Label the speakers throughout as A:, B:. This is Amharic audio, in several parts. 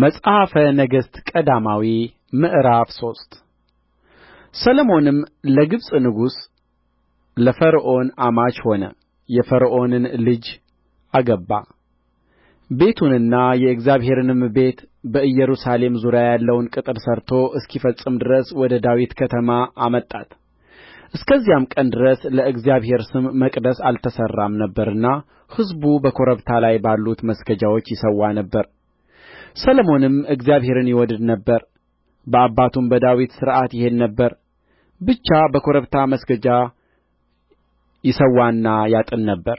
A: መጽሐፈ ነገሥት ቀዳማዊ ምዕራፍ ሶስት ሰሎሞንም ለግብጽ ንጉሥ ለፈርዖን አማች ሆነ የፈርዖንን ልጅ አገባ ቤቱንና የእግዚአብሔርንም ቤት በኢየሩሳሌም ዙሪያ ያለውን ቅጥር ሠርቶ እስኪፈጽም ድረስ ወደ ዳዊት ከተማ አመጣት እስከዚያም ቀን ድረስ ለእግዚአብሔር ስም መቅደስ አልተሠራም ነበርና ሕዝቡ በኮረብታ ላይ ባሉት መስገጃዎች ይሠዋ ነበር ሰሎሞንም እግዚአብሔርን ይወድድ ነበር በአባቱም በዳዊት ሥርዓት ይሄድ ነበር ብቻ በኮረብታ መስገጃ ይሠዋና ያጥን ነበር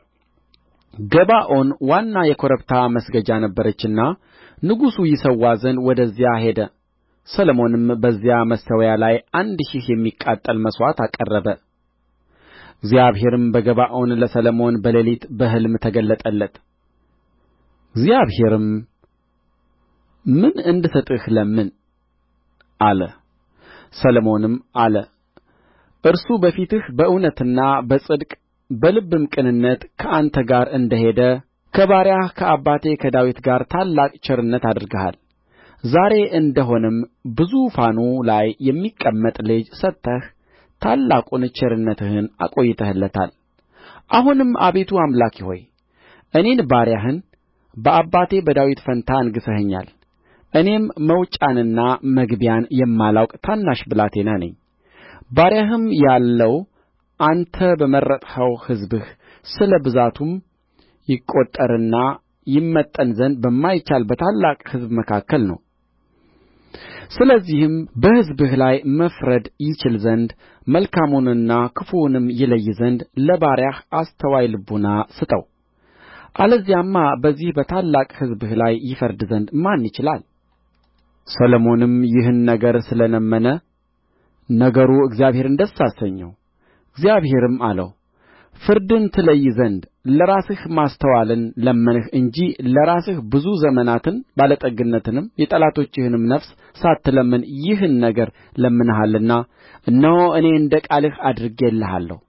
A: ገባዖን ዋና የኮረብታ መስገጃ ነበረችና ንጉሡ ይሠዋ ዘንድ ወደዚያ ሄደ ሰሎሞንም በዚያ መሠዊያ ላይ አንድ ሺህ የሚቃጠል መሥዋዕት አቀረበ እግዚአብሔርም በገባዖን ለሰሎሞን በሌሊት በሕልም ተገለጠለት እግዚአብሔርም ምን እንድሰጥህ ለምን አለ ሰሎሞንም አለ እርሱ በፊትህ በእውነትና በጽድቅ በልብም ቅንነት ከአንተ ጋር እንደ ሄደ ከባሪያህ ከአባቴ ከዳዊት ጋር ታላቅ ቸርነት አድርገሃል ዛሬ እንደሆነም በዙፋኑ ላይ የሚቀመጥ ልጅ ሰጥተህ ታላቁን ቸርነትህን አቆይተህለታል አሁንም አቤቱ አምላኬ ሆይ እኔን ባሪያህን በአባቴ በዳዊት ፋንታ አንግሠኸኛል እኔም መውጫንና መግቢያን የማላውቅ ታናሽ ብላቴና ነኝ ባሪያህም ያለው አንተ በመረጥኸው ሕዝብህ ስለ ብዛቱም ይቈጠርና ይመጠን ዘንድ በማይቻል በታላቅ ሕዝብ መካከል ነው ስለዚህም በሕዝብህ ላይ መፍረድ ይችል ዘንድ መልካሙንና ክፉውንም ይለይ ዘንድ ለባሪያህ አስተዋይ ልቡና ስጠው አለዚያማ በዚህ በታላቅ ሕዝብህ ላይ ይፈርድ ዘንድ ማን ይችላል ሰሎሞንም ይህን ነገር ስለ ለመነ ነገሩ እግዚአብሔርን ደስ አሰኘው እግዚአብሔርም አለው ፍርድን ትለይ ዘንድ ለራስህ ማስተዋልን ለመንህ እንጂ ለራስህ ብዙ ዘመናትን ባለጠግነትንም የጠላቶችህንም ነፍስ ሳትለምን ይህን ነገር ለምነሃልና እነሆ እኔ እንደ ቃልህ አድርጌልሃለሁ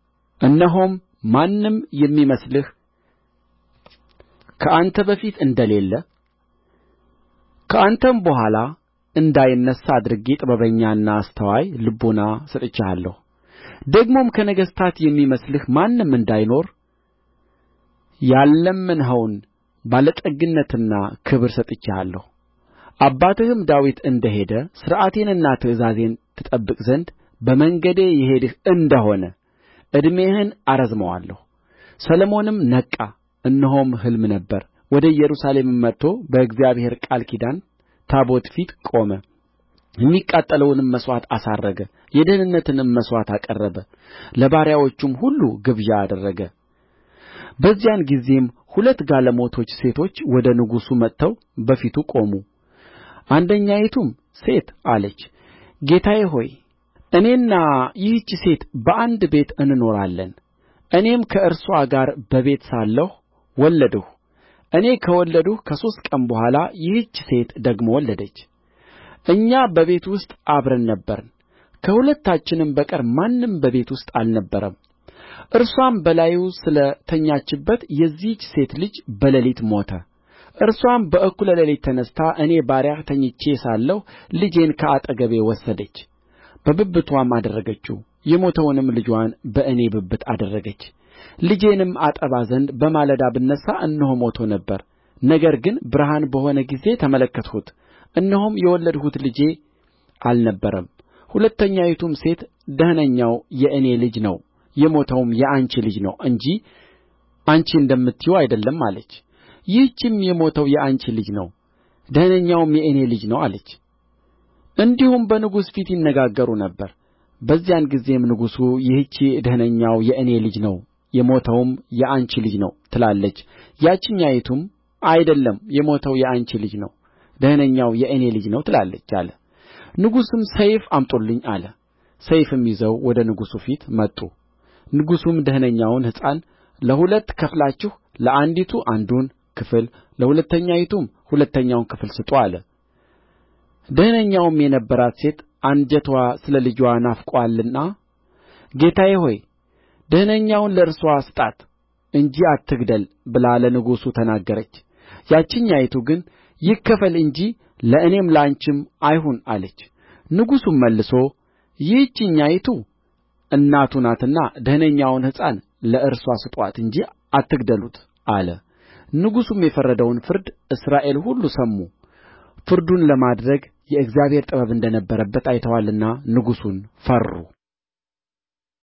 A: እነሆም ማንም የሚመስልህ ከአንተ በፊት እንደሌለ ከአንተም በኋላ እንዳይነሣ አድርጌ ጥበበኛና አስተዋይ ልቡና ሰጥቼሃለሁ ደግሞም ከነገሥታት የሚመስልህ ማንም እንዳይኖር ያልለመንኸውን ባለጠግነትና ክብር ሰጥቼሃለሁ አባትህም ዳዊት እንደ ሄደ ሥርዓቴንና ትእዛዜን ትጠብቅ ዘንድ በመንገዴ የሄድህ እንደ ሆነ ዕድሜህን አረዝመዋለሁ ሰሎሞንም ነቃ እነሆም ሕልም ነበረ ወደ ኢየሩሳሌምም መጥቶ በእግዚአብሔር ቃል ኪዳን ታቦት ፊት ቆመ የሚቃጠለውንም መሥዋዕት አሳረገ የደኅንነትንም መሥዋዕት አቀረበ ለባሪያዎቹም ሁሉ ግብዣ አደረገ በዚያን ጊዜም ሁለት ጋለሞቶች ሴቶች ወደ ንጉሡ መጥተው በፊቱ ቆሙ አንደኛይቱም ሴት አለች ጌታዬ ሆይ እኔና ይህች ሴት በአንድ ቤት እንኖራለን እኔም ከእርስዋ ጋር በቤት ሳለሁ ወለድሁ እኔ ከወለድሁ ከሦስት ቀን በኋላ ይህች ሴት ደግሞ ወለደች እኛ በቤት ውስጥ አብረን ነበርን ከሁለታችንም በቀር ማንም በቤት ውስጥ አልነበረም እርስዋም በላዩ ስለ ተኛችበት የዚህች ሴት ልጅ በሌሊት ሞተ እርስዋም በእኩለ ሌሊት ተነሥታ እኔ ባሪያህ ተኝቼ ሳለሁ ልጄን ከአጠገቤ ወሰደች በብብትዋም አደረገችው የሞተውንም ልጅዋን በእኔ ብብት አደረገች ልጄንም አጠባ ዘንድ በማለዳ ብነሣ እነሆ ሞቶ ነበር ነገር ግን ብርሃን በሆነ ጊዜ ተመለከትሁት እነሆም የወለድሁት ልጄ አልነበረም ሁለተኛይቱም ሴት ደኅነኛው የእኔ ልጅ ነው የሞተውም የአንቺ ልጅ ነው እንጂ አንቺ እንደምትዪው አይደለም አለች ይህችም የሞተው የአንቺ ልጅ ነው ደኅነኛውም የእኔ ልጅ ነው አለች እንዲሁም በንጉሥ ፊት ይነጋገሩ ነበር በዚያን ጊዜም ንጉሡ ይህች ደኅነኛው የእኔ ልጅ ነው የሞተውም የአንቺ ልጅ ነው ትላለች ያችኛይቱም አይደለም የሞተው የአንቺ ልጅ ነው ደኅነኛው የእኔ ልጅ ነው ትላለች አለ ንጉሡም ሰይፍ አምጡልኝ አለ ሰይፍም ይዘው ወደ ንጉሡ ፊት መጡ ንጉሡም ደኅነኛውን ሕፃን ለሁለት ከፍላችሁ ለአንዲቱ አንዱን ክፍል ለሁለተኛይቱም ሁለተኛውን ክፍል ስጡ አለ ደኅነኛውም የነበራት ሴት አንጀትዋ ስለ ልጅዋ ናፍቆአልና ጌታዬ ሆይ ደኅነኛውን ለእርስዋ ስጣት እንጂ አትግደል ብላ ለንጉሡ ተናገረች ያችኛይቱ ግን ይከፈል እንጂ ለእኔም ለአንቺም አይሁን አለች ንጉሡም መልሶ ይህችኛይቱ እናቱ ናትና ደኅነኛውን ሕፃን ለእርስዋ ስጡአት እንጂ አትግደሉት አለ ንጉሡም የፈረደውን ፍርድ እስራኤል ሁሉ ሰሙ ፍርዱን ለማድረግ የእግዚአብሔር ጥበብ እንደ ነበረበት አይተዋልና ንጉሡን ፈሩ